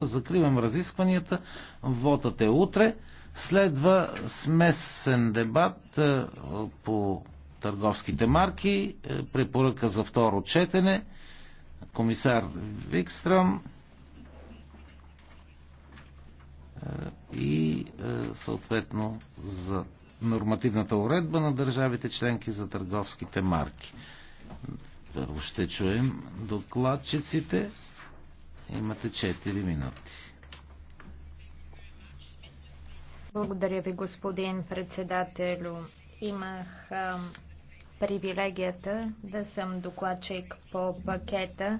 Закривам разискванията. Вотът е утре. Следва смесен дебат е, по търговските марки, е, препоръка за второ четене. Комисар Викстрам е, и съответно за нормативната уредба на държавите членки за търговските марки. Първо ще чуем докладчиците. Имате 4 минути. Благодаря ви, господин председателю. Имах привилегията да съм докладчик по пакета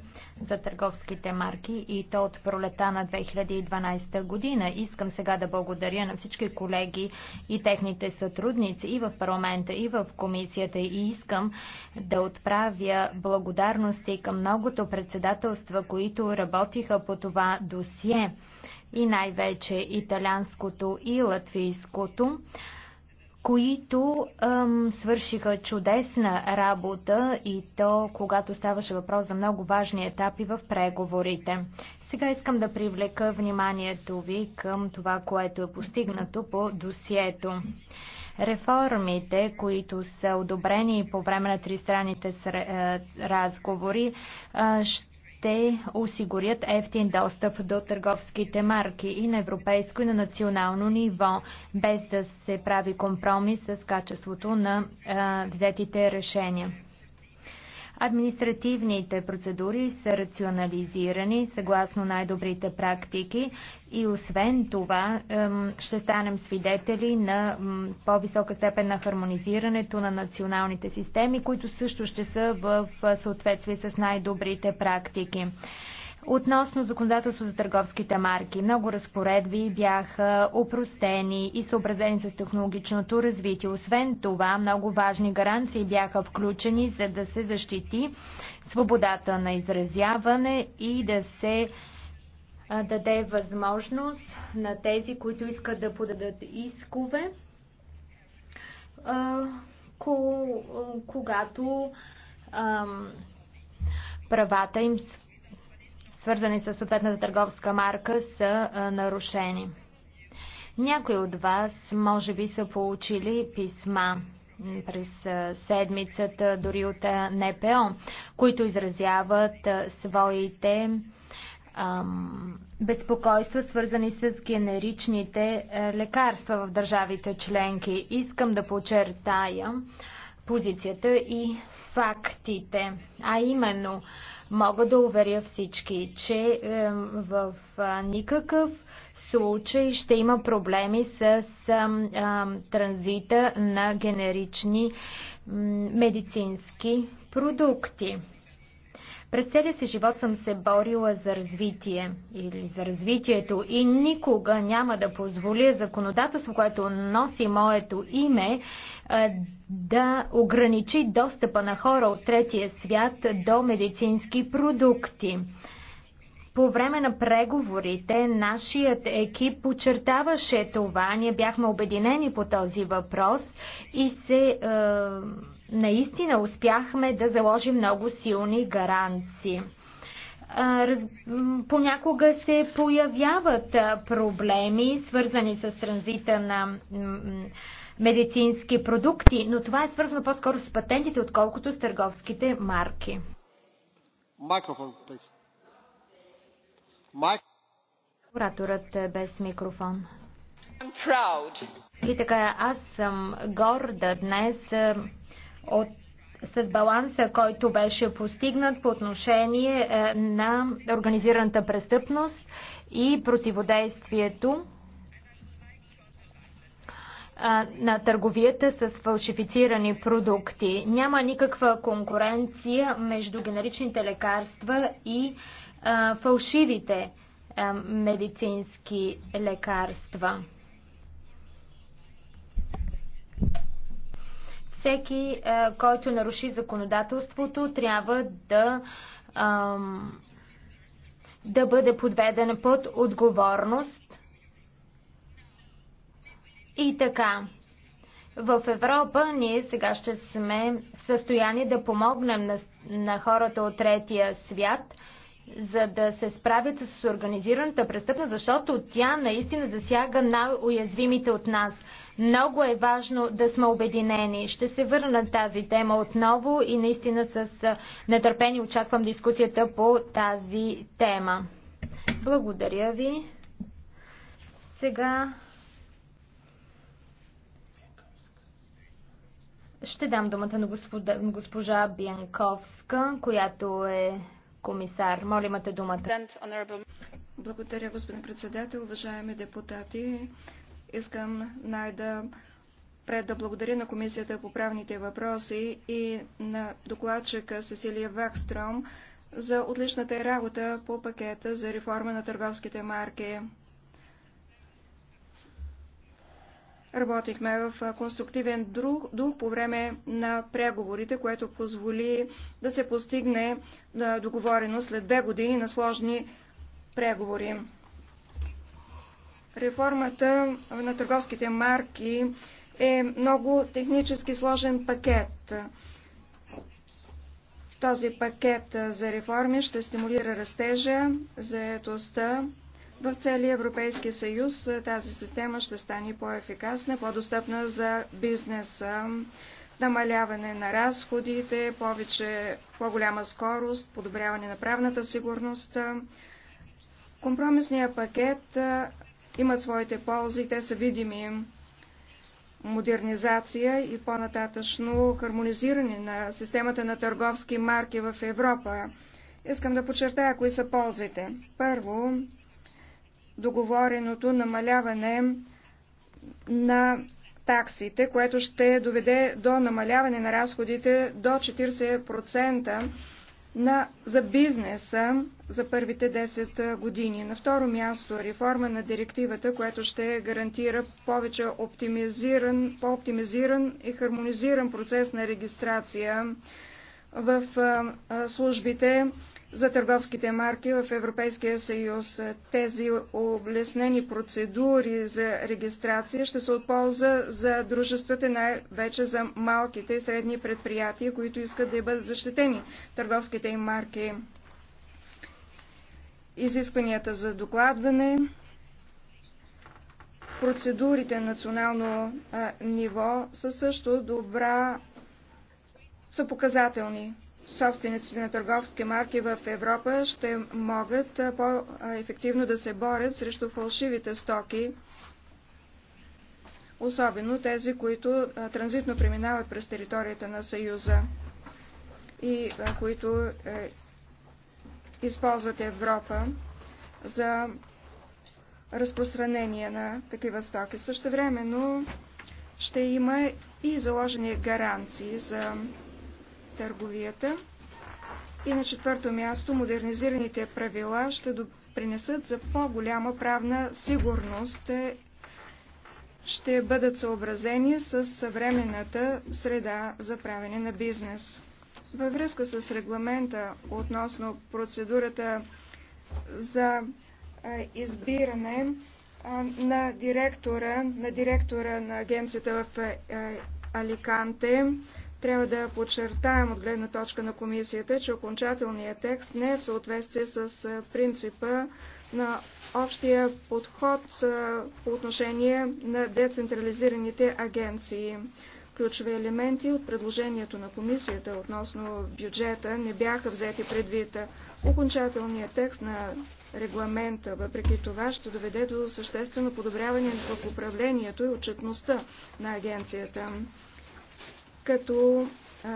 за търговските марки и то от пролета на 2012 година. Искам сега да благодаря на всички колеги и техните сътрудници и в парламента, и в комисията и искам да отправя благодарности към многото председателства, които работиха по това досие и най-вече италянското и латвийското които ам, свършиха чудесна работа и то, когато ставаше въпрос за много важни етапи в преговорите. Сега искам да привлека вниманието ви към това, което е постигнато по досието. Реформите, които са одобрени по време на тристранните е, разговори, ще ще осигурят ефтин достъп до търговските марки и на европейско и на национално ниво, без да се прави компромис с качеството на а, взетите решения. Административните процедури са рационализирани съгласно най-добрите практики и освен това ще станем свидетели на по-висока степен на хармонизирането на националните системи, които също ще са в съответствие с най-добрите практики. Относно законодателство за търговските марки, много разпоредби бяха опростени и съобразени с технологичното развитие. Освен това, много важни гаранции бяха включени, за да се защити свободата на изразяване и да се даде възможност на тези, които искат да подадат искове, когато правата им свързани с съответната търговска марка, са нарушени. Някои от вас може би са получили писма през седмицата, дори от НПО, които изразяват своите безпокойства, свързани с генеричните лекарства в държавите членки. Искам да почертая позицията и фактите, а именно Мога да уверя всички, че в никакъв случай ще има проблеми с транзита на генерични медицински продукти. През целия си живот съм се борила за развитие или за развитието и никога няма да позволя законодателство, което носи моето име, да ограничи достъпа на хора от третия свят до медицински продукти. По време на преговорите нашият екип подчертаваше това. Ние бяхме обединени по този въпрос и се. Е наистина успяхме да заложим много силни гаранции. Понякога се появяват проблеми, свързани с транзита на медицински продукти, но това е свързано по-скоро с патентите, отколкото с търговските марки. Микрофон, Майк... е без микрофон. И така, аз съм горда днес от, с баланса, който беше постигнат по отношение е, на организираната престъпност и противодействието на търговията с фалшифицирани продукти. Няма никаква конкуренция между генеричните лекарства и а, фалшивите а, медицински лекарства. Всеки, е, който наруши законодателството, трябва да, да бъде подведен под отговорност. И така, в Европа ние сега ще сме в състояние да помогнем на, на хората от третия свят, за да се справят с организираната престъпна, защото тя наистина засяга най-уязвимите от нас. Много е важно да сме обединени. Ще се върна на тази тема отново и наистина с нетърпение очаквам дискусията по тази тема. Благодаря ви. Сега ще дам думата на господа, госпожа Бянковска, която е комисар. Моля, имате думата. Благодаря, господин председател, уважаеми депутати. Искам най-да пред да благодаря на Комисията по правните въпроси и на докладчика Сесилия Вакстром за отличната работа по пакета за реформа на търговските марки. Работихме в конструктивен дух по време на преговорите, което позволи да се постигне договореност след две години на сложни преговори. Реформата на търговските марки е много технически сложен пакет. Този пакет за реформи ще стимулира растежа, заетостта. В целия Европейски съюз тази система ще стане по-ефикасна, по-достъпна за бизнеса, намаляване на разходите, повече, по-голяма скорост, подобряване на правната сигурност. Компромисният пакет имат своите ползи, те са видими. Модернизация и по-нататъчно хармонизиране на системата на търговски марки в Европа. Искам да подчертая кои са ползите. Първо, договореното намаляване на таксите, което ще доведе до намаляване на разходите до 40% на, за бизнеса за първите 10 години. На второ място е реформа на директивата, която ще гарантира повече оптимизиран, по-оптимизиран и хармонизиран процес на регистрация в службите за търговските марки в Европейския съюз. Тези облеснени процедури за регистрация ще се отползва за дружествата, най-вече за малките и средни предприятия, които искат да бъдат защитени търговските им марки. Изискванията за докладване, процедурите на национално а, ниво са също добра, са показателни собствениците на търговски марки в Европа ще могат по-ефективно да се борят срещу фалшивите стоки, особено тези, които транзитно преминават през територията на Съюза и които е, използват Европа за разпространение на такива стоки. Също времено ще има и заложени гаранции за търговията. И на четвърто място, модернизираните правила ще допринесат за по-голяма правна сигурност, ще бъдат съобразени с съвременната среда за правене на бизнес. Във връзка с регламента относно процедурата за избиране на директора, на директора на агенцията в Аликанте, трябва да подчертаем от гледна точка на комисията, че окончателният текст не е в съответствие с принципа на общия подход по отношение на децентрализираните агенции. Ключови елементи от предложението на комисията относно бюджета не бяха взети предвид. Окончателният текст на регламента, въпреки това, ще доведе до съществено подобряване в управлението и отчетността на агенцията като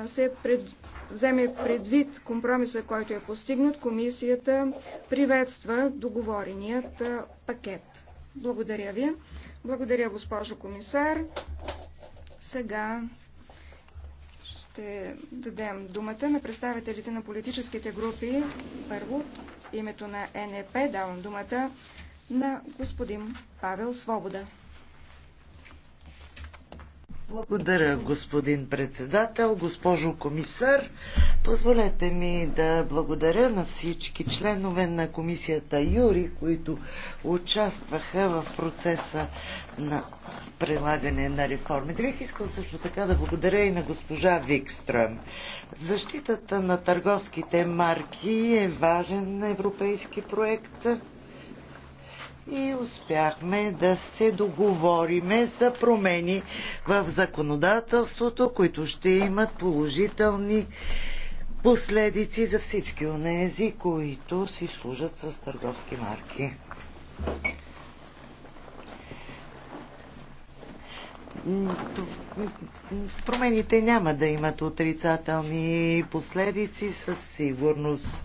се пред... вземе предвид компромиса, който е постигнат, комисията приветства договореният пакет. Благодаря ви. Благодаря, госпожо комисар. Сега ще дадем думата на представителите на политическите групи. Първо, името на НЕП давам думата на господин Павел Свобода. Благодаря, господин председател, госпожо комисар. Позволете ми да благодаря на всички членове на комисията Юри, които участваха в процеса на прилагане на реформите. Бих искал също така да благодаря и на госпожа Викстръм. Защитата на търговските марки е важен европейски проект и успяхме да се договориме за промени в законодателството, които ще имат положителни последици за всички онези, които си служат с търговски марки. промените няма да имат отрицателни последици със сигурност.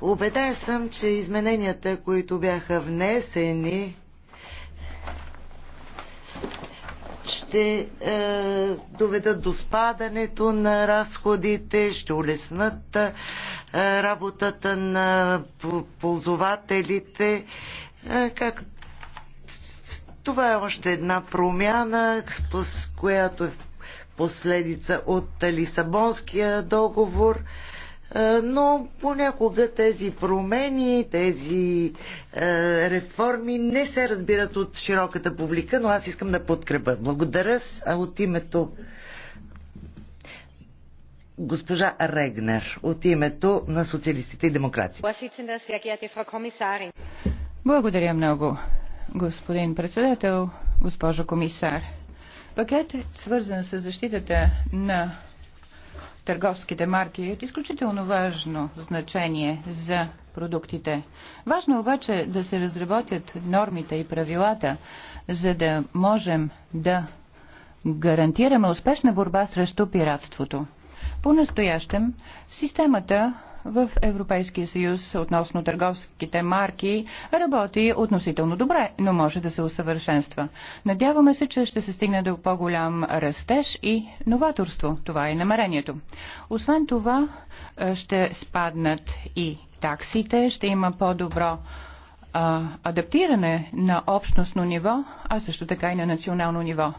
Обеден съм, че измененията, които бяха внесени, ще е, доведат до спадането на разходите, ще улеснат е, работата на ползователите, е, как това е още една промяна, с която е последица от Лисабонския договор, но понякога тези промени, тези реформи не се разбират от широката публика, но аз искам да подкрепя. Благодаря от името госпожа Регнер от името на социалистите и демократите. Благодаря много господин председател, госпожо комисар. Пакетът, свързан с защитата на търговските марки, е от изключително важно значение за продуктите. Важно е обаче да се разработят нормите и правилата, за да можем да гарантираме успешна борба срещу пиратството. По-настоящем системата в Европейския съюз относно търговските марки работи относително добре, но може да се усъвършенства. Надяваме се, че ще се стигне до по-голям растеж и новаторство. Това е намерението. Освен това, ще спаднат и таксите, ще има по-добро а, адаптиране на общностно ниво, а също така и на национално ниво.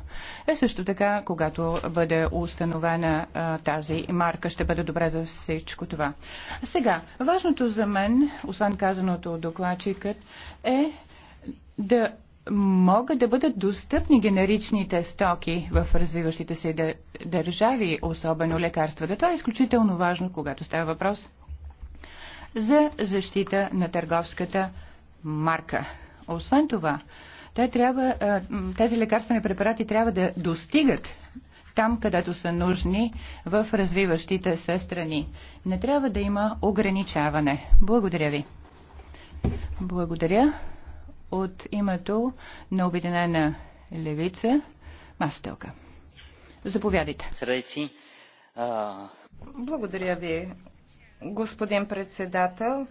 Е също така, когато бъде установена а, тази марка, ще бъде добре за всичко това. Сега, важното за мен, освен казаното от докладчикът, е да могат да бъдат достъпни генеричните стоки в развиващите се държави, особено лекарствата. Това е изключително важно, когато става въпрос за защита на търговската марка. Освен това, те трябва, е, тези лекарствени препарати трябва да достигат там, където са нужни в развиващите се страни. Не трябва да има ограничаване. Благодаря ви. Благодаря. От името на Обединена левица Мастелка. Заповядайте. Благодаря ви, господин председател.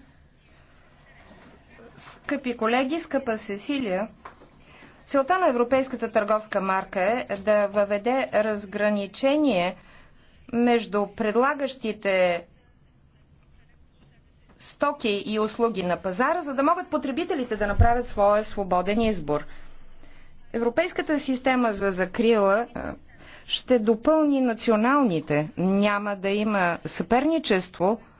Скъпи колеги, скъпа Сесилия, целта на европейската търговска марка е да въведе разграничение между предлагащите стоки и услуги на пазара, за да могат потребителите да направят своя свободен избор. Европейската система за закрила е, ще допълни националните. Няма да има съперничество –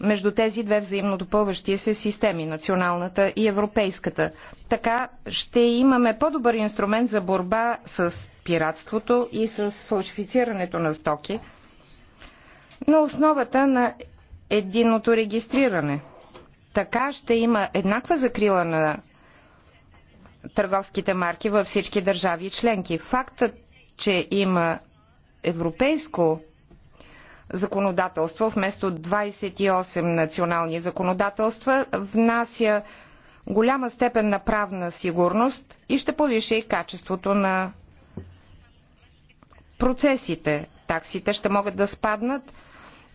между тези две взаимно допълващи се системи, националната и европейската. Така ще имаме по-добър инструмент за борба с пиратството и с фалшифицирането на стоки на основата на единното регистриране. Така ще има еднаква закрила на търговските марки във всички държави членки. Фактът, че има европейско законодателство вместо 28 национални законодателства внася голяма степен на правна сигурност и ще повиши качеството на процесите. Таксите ще могат да спаднат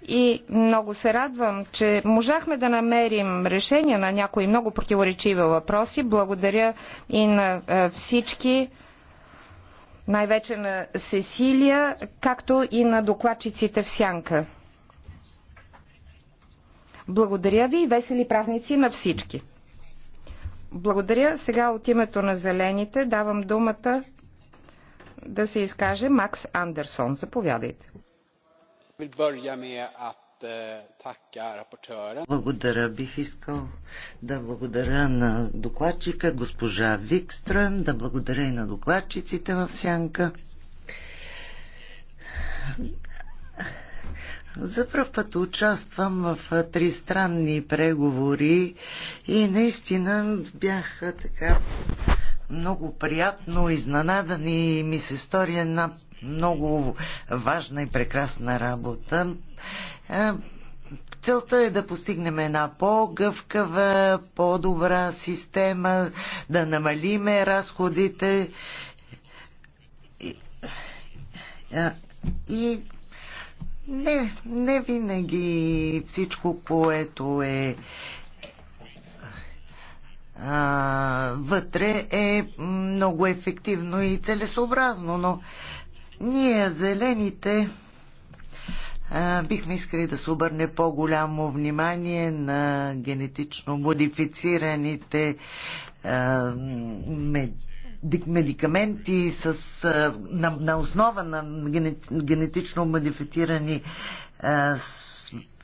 и много се радвам, че можахме да намерим решение на някои много противоречиви въпроси. Благодаря и на е, всички най-вече на Сесилия, както и на докладчиците в Сянка. Благодаря ви и весели празници на всички. Благодаря. Сега от името на Зелените давам думата да се изкаже Макс Андерсон. Заповядайте. Eh, благодаря. Бих искал да благодаря на докладчика госпожа Викстрем, да благодаря и на докладчиците в Сянка. За първ път участвам в тристранни преговори и наистина бях така много приятно изненадан и ми се стори една много важна и прекрасна работа. Е, целта е да постигнем една по-гъвкава, по-добра система, да намалиме разходите и е, не, не винаги всичко, което е а, е, вътре е много ефективно и целесообразно, но ние, зелените, бихме искали да се обърне по-голямо внимание на генетично модифицираните медикаменти с, на, на основа на генетично модифицирани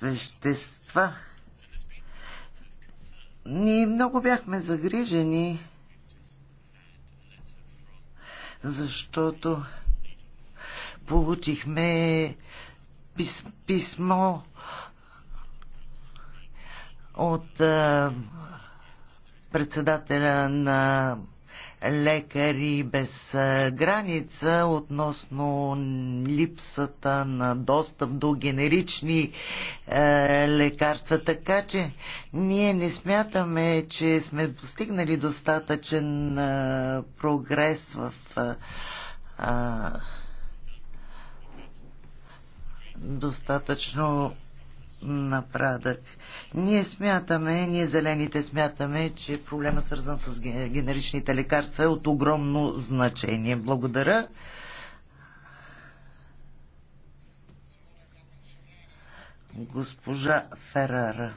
вещества. Ние много бяхме загрижени, защото получихме пис, писмо от а, председателя на лекари без граница относно липсата на достъп до генерични е, лекарства. Така че ние не смятаме, че сме достигнали достатъчен е, прогрес в е, достатъчно напрадък. Ние смятаме, ние зелените смятаме, че проблема свързан с генеричните лекарства е от огромно значение. Благодаря. Госпожа Ферара.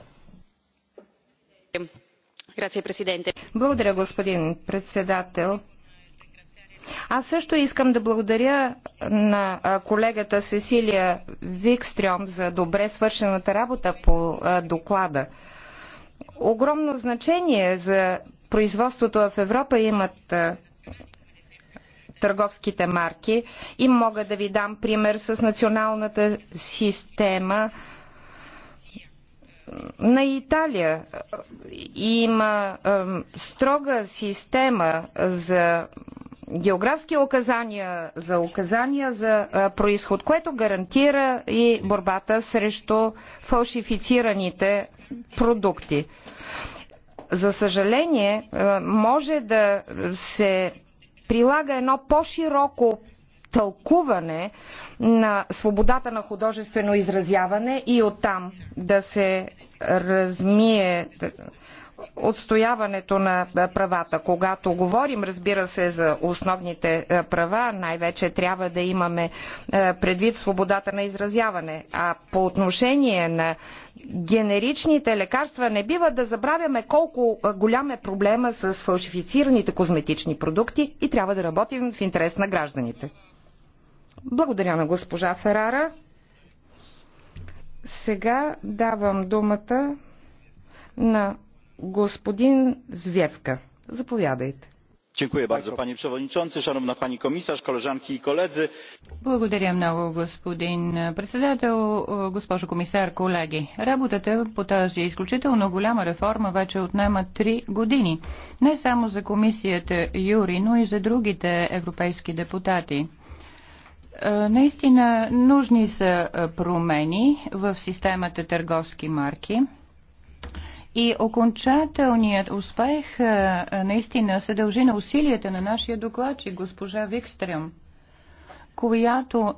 Благодаря, господин председател. Аз също искам да благодаря на колегата Сесилия Викстрем за добре свършената работа по доклада. Огромно значение за производството в Европа имат търговските марки и мога да ви дам пример с националната система на Италия. Има строга система за географски указания, за указания за происход, което гарантира и борбата срещу фалшифицираните продукти. За съжаление, може да се прилага едно по-широко тълкуване на свободата на художествено изразяване и оттам да се размие отстояването на правата. Когато говорим, разбира се, за основните права, най-вече трябва да имаме предвид свободата на изразяване. А по отношение на генеричните лекарства не бива да забравяме колко голям е проблема с фалшифицираните козметични продукти и трябва да работим в интерес на гражданите. Благодаря на госпожа Ферара. Сега давам думата на Господин Звевка, заповядайте. Благодаря много, господин председател, госпожо комисар, колеги. Работата по тази изключително голяма реформа вече отнема три години. Не само за комисията Юри, но и за другите европейски депутати. Е, наистина нужни са е, промени в системата търговски марки – и окончателният успех е, наистина се дължи на усилията на нашия докладчик, госпожа Викстрем, която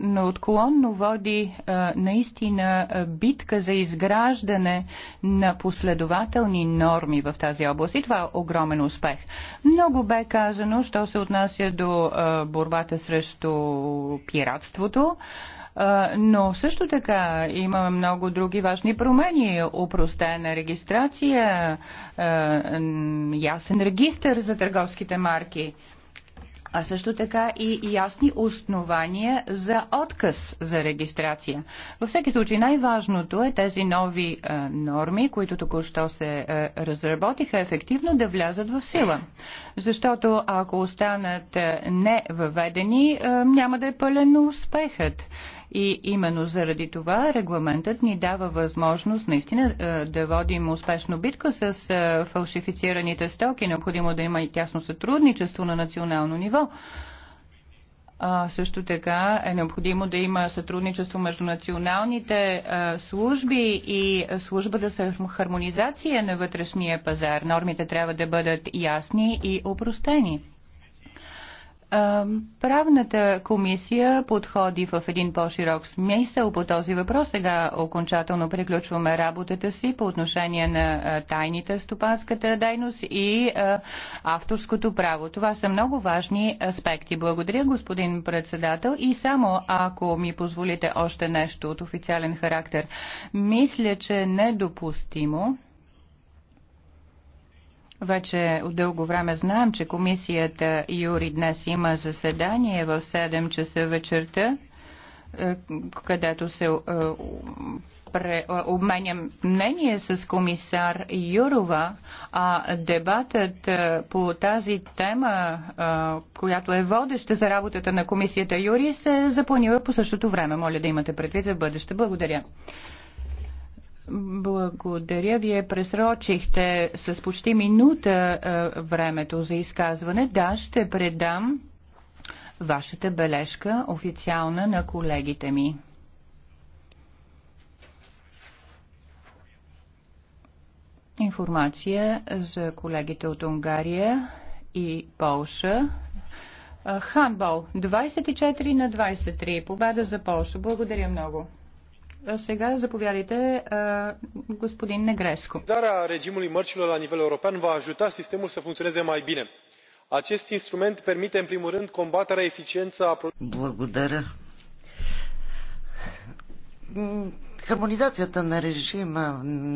неотклонно води е, наистина е, битка за изграждане на последователни норми в тази област. И това е огромен успех. Много бе казано, що се отнася до борбата срещу пиратството но също така има много други важни промени. Упростена регистрация, ясен регистр за търговските марки а също така и ясни основания за отказ за регистрация. Във всеки случай най-важното е тези нови норми, които току-що се разработиха, ефективно да влязат в сила. Защото ако останат не въведени, няма да е пълен успехът. И именно заради това регламентът ни дава възможност наистина е, да водим успешно битка с е, фалшифицираните стоки. Необходимо да има и тясно сътрудничество на национално ниво. А, също така е необходимо да има сътрудничество между националните а, е, служби и служба за хармонизация на вътрешния пазар. Нормите трябва да бъдат ясни и опростени. Правната комисия подходи в един по-широк смисъл по този въпрос. Сега окончателно приключваме работата си по отношение на тайните стопанската дейност и авторското право. Това са много важни аспекти. Благодаря, господин председател. И само ако ми позволите още нещо от официален характер, мисля, че е недопустимо вече от дълго време знаем, че комисията Юри днес има заседание в 7 часа вечерта, е, където се е, е, обменям мнение с комисар Юрова, а дебатът по тази тема, която е водеща за работата на комисията Юри, се запланира по същото време. Моля да имате предвид за бъдеще. Благодаря. Благодаря. Вие пресрочихте с почти минута е, времето за изказване. Да, ще предам вашата бележка официална на колегите ми. Информация за колегите от Унгария и Полша. Е, ханбол 24 на 23. Победа за Полша. Благодаря много сега заповядайте, господин Негреско. Дара regimului mărcilor la nivel european va ajuta sistemul să funcționeze mai bine. Acest instrument permite, în primul rând, combaterea eficiență Благодаря. Хармонизацията на режима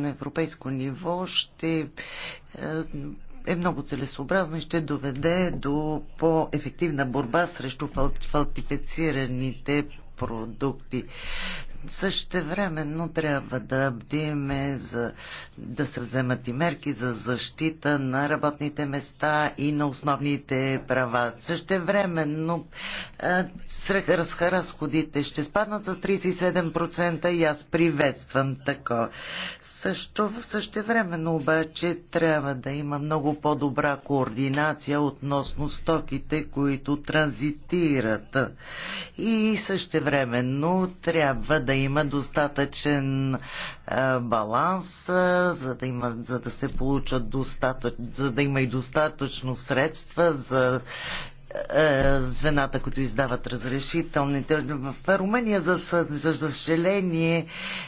на европейско ниво ще е, е много целесообразно и ще доведе до по-ефективна борба срещу фалтифицираните продукти. Същевременно трябва да бдиме за да се вземат и мерки за защита на работните места и на основните права. Същевременно разходите ще спаднат с 37% и аз приветствам тако. Също, същевременно обаче трябва да има много по-добра координация относно стоките, които транзитират. И същевременно трябва да да има достатъчен баланс, за да, има, за да се получат достатъч, за да има и достатъчно средства за е, звената, които издават разрешителните. В Румъния, за, за съжаление,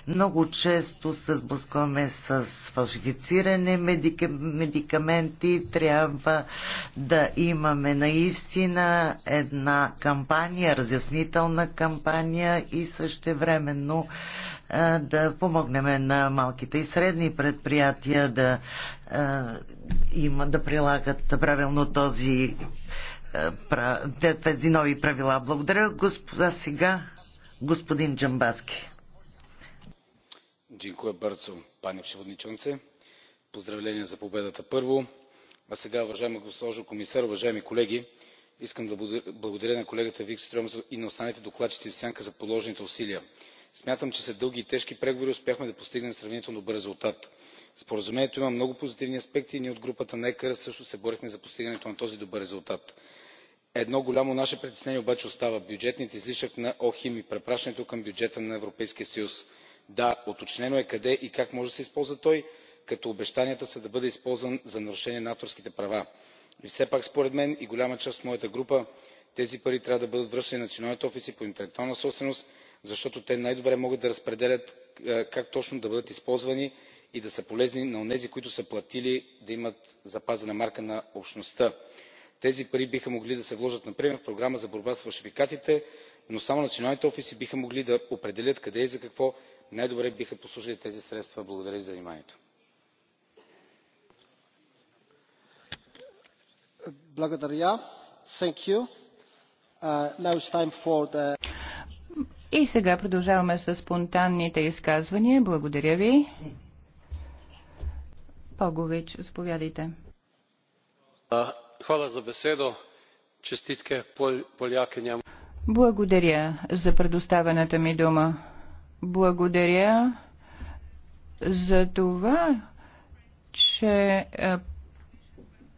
много често се сблъскваме с фалшифициране медика, медикаменти. Трябва да имаме наистина една кампания, разяснителна кампания и също времено е, да помогнем на малките и средни предприятия да, е, да прилагат правилно този е, тези нови правила. Благодаря, господа, сега господин Джамбаски. Джинкуя Бърцо, пани Пшеводничонце. Поздравления за победата първо. А сега, уважаема госпожо комисар, уважаеми колеги, искам да благодаря на колегата Викстрем и на останалите докладчици в сянка за положените усилия. Смятам, че след дълги и тежки преговори успяхме да постигнем сравнително добър резултат споразумението има много позитивни аспекти и ние от групата на екр също се борихме за постигането на този добър резултат. едно голямо наше притеснение обаче остава бюджетният излишък на охим и препращането към бюджета на европейския съюз. да уточнено е къде и как може да се използва той като обещанията са да бъде използван за нарушение на авторските права. и все пак според мен и голяма част от моята група тези пари трябва да бъдат връщани на националните офиси по интелектуална собственост защото те най добре могат да разпределят е, как точно да бъдат използвани и да са полезни на онези които са платили да имат запазена марка на общността. тези пари биха могли да се вложат например в програма за борба с фалшификатите но само националните офиси биха могли да определят къде и за какво най добре биха послужили тези средства. благодаря ви за вниманието. Uh, и сега продължаваме с спонтанните изказвания. Благодаря ви. Pogovič, zapovedajte. Hvala za besedo. Čestitke Pol Poljakinjam. Благодаря за предоставената ми дума. Благодаря за това, че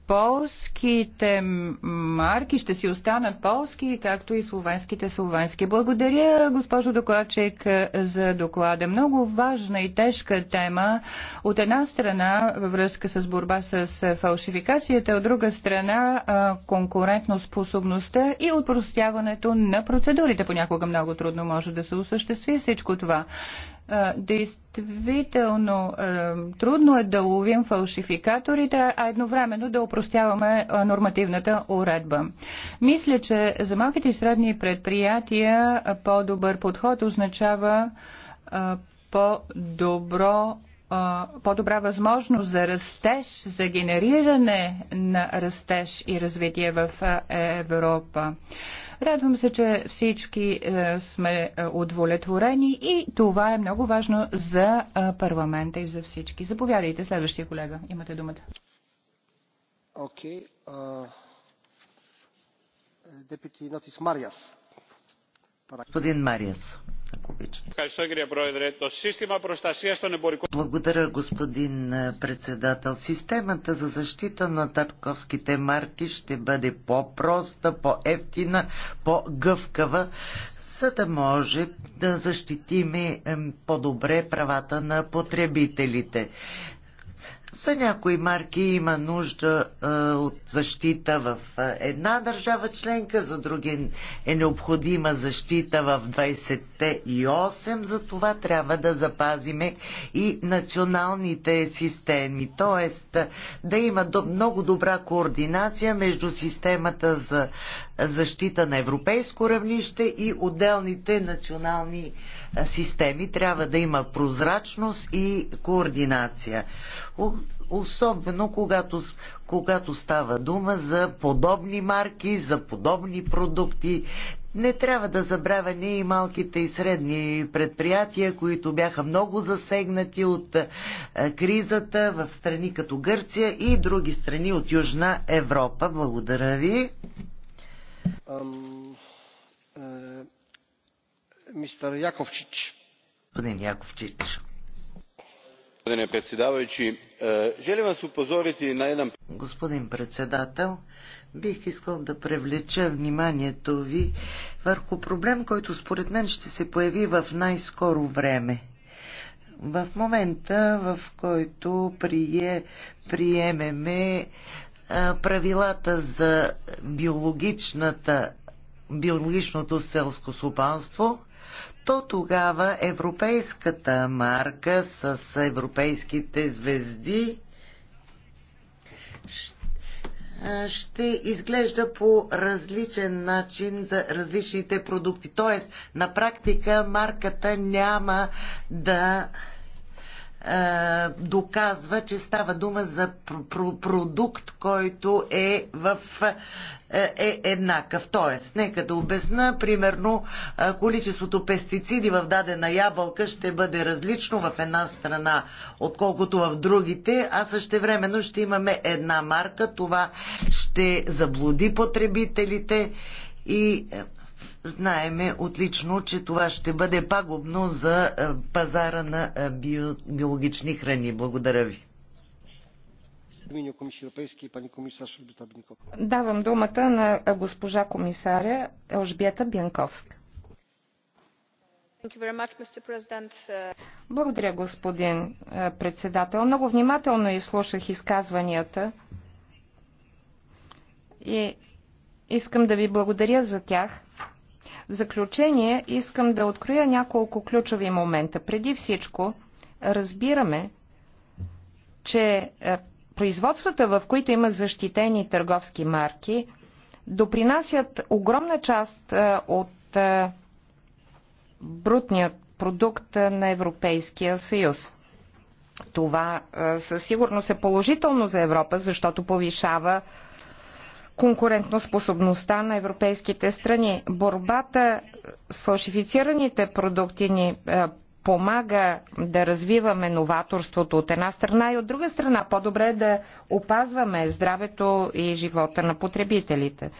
полските марки ще си останат полски, както и словенските словенски. Благодаря, госпожо докладчик, за доклада. Много важна и тежка тема. От една страна във връзка с борба с фалшификацията, от друга страна конкурентно способността и отпростяването на процедурите. Понякога много трудно може да се осъществи всичко това действително трудно е да ловим фалшификаторите, а едновременно да упростяваме нормативната уредба. Мисля, че за малките и средни предприятия по-добър подход означава по-добро по-добра възможност за растеж, за генериране на растеж и развитие в Европа. Радвам се, че всички е, сме е, удовлетворени и това е много важно за е, парламента и за всички. Заповядайте, следващия колега. Имате думата. Окей. uh, Deputy Notis Господин Мариас. Благодаря, господин председател. Системата за защита на търговските марки ще бъде по-проста, по-ефтина, по-гъвкава, за да може да защитиме по-добре правата на потребителите. За някои марки има нужда а, от защита в една държава членка, за други е необходима защита в 28. За това трябва да запазиме и националните системи. Тоест да има до, много добра координация между системата за защита на европейско равнище и отделните национални системи. Трябва да има прозрачност и координация особено когато, когато става дума за подобни марки, за подобни продукти. Не трябва да забравяме и малките и средни предприятия, които бяха много засегнати от е, кризата в страни като Гърция и други страни от Южна Европа. Благодаря ви. Е, мистер Яковчич. Господин Яковчич gospodine predsjedavajući e, želim vas upozoriti na jedan. господин председател бих искал да привлеча вниманието ви върху проблем който според мен ще се появи в най-скоро време. В момента, в който прие, приемеме е, правилата за биологичната, биологичното селско стопанство, то тогава европейската марка с европейските звезди ще изглежда по различен начин за различните продукти. Тоест, на практика марката няма да е, доказва, че става дума за продукт, който е в е, е еднакъв. Тоест, нека да обясна, примерно, е, количеството пестициди в дадена ябълка ще бъде различно в една страна, отколкото в другите, а същевременно ще имаме една марка. Това ще заблуди потребителите и Знаеме отлично, че това ще бъде пагубно за е, пазара на е, биологични храни. Благодаря ви. Давам думата на е, госпожа комисаря Елжбета Бянковска. Благодаря, господин председател. Много внимателно изслушах изказванията и искам да ви благодаря за тях. В заключение искам да откроя няколко ключови момента. Преди всичко, разбираме, че е, производствата, в които има защитени търговски марки, допринасят огромна част е, от е, брутният продукт на Европейския съюз. Това със сигурност е положително за Европа, защото повишава конкурентоспособността на европейските страни. Борбата с фалшифицираните продукти ни е, помага да развиваме новаторството от една страна и от друга страна по-добре е да опазваме здравето и живота на потребителите.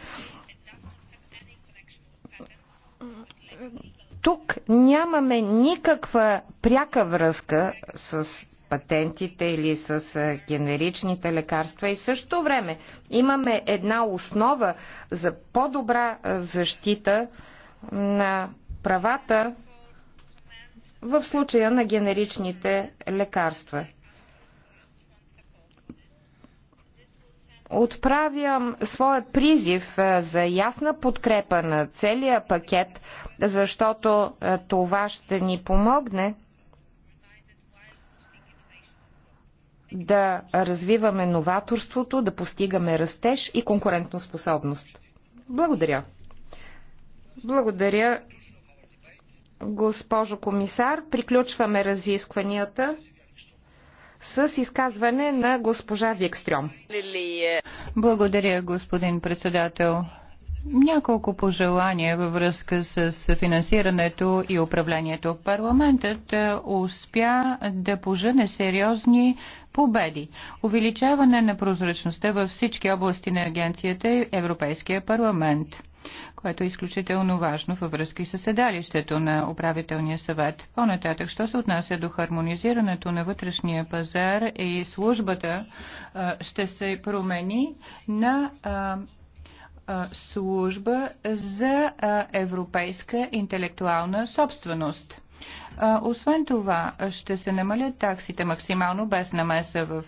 Тук нямаме никаква пряка връзка с патентите или с генеричните лекарства и в същото време имаме една основа за по-добра защита на правата в случая на генеричните лекарства. Отправям своя призив за ясна подкрепа на целия пакет, защото това ще ни помогне да развиваме новаторството, да постигаме растеж и способност. Благодаря. Благодаря, госпожо комисар. Приключваме разискванията с изказване на госпожа Викстрем. Благодаря, господин председател. Няколко пожелания във връзка с финансирането и управлението. Парламентът е, успя да пожене сериозни победи. Увеличаване на прозрачността във всички области на агенцията и Европейския парламент което е изключително важно във връзка и с седалището на управителния съвет. По-нататък, що се отнася до хармонизирането на вътрешния пазар и службата е, ще се промени на е, служба за европейска интелектуална собственост. Освен това, ще се намалят таксите максимално без намеса в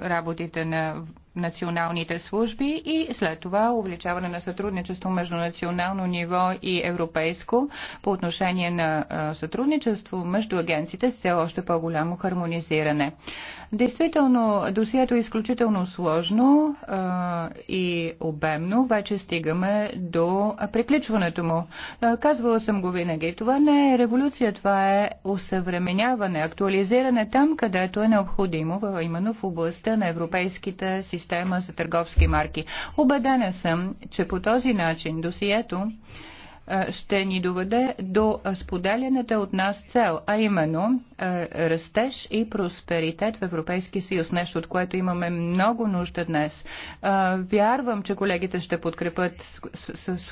работите на националните служби и след това увеличаване на сътрудничество между национално ниво и европейско по отношение на сътрудничество между агенците с цел още по-голямо хармонизиране. Действително, досието е изключително сложно а, и обемно. Вече стигаме до приключването му. А, казвала съм го винаги. Това не е революция, това е усъвременяване, актуализиране там, където е необходимо, именно в областта на европейските системи система за търговски марки. Убедена съм, че по този начин досието е, ще ни доведе до споделяната от нас цел, а именно е, растеж и просперитет в Европейски съюз, нещо от което имаме много нужда днес. Е, вярвам, че колегите ще подкрепят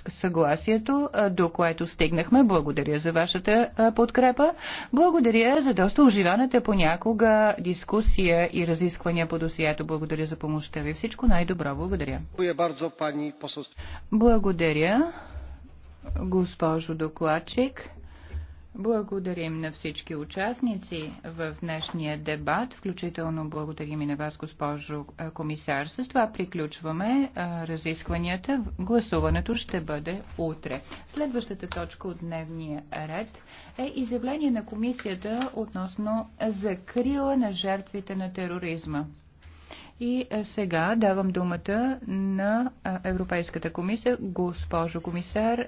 съгласието, до което стигнахме. Благодаря за вашата подкрепа. Благодаря за доста оживаната понякога дискусия и разисквания по досието. Благодаря за помощта ви. Всичко най-добро. Благодаря. Благодаря госпожо докладчик. Благодарим на всички участници в днешния дебат, включително благодарим и на вас, госпожо комисар. С това приключваме разискванията. Гласуването ще бъде утре. Следващата точка от дневния ред е изявление на комисията относно закрила на жертвите на тероризма. И сега давам думата на Европейската комисия, госпожо комисар.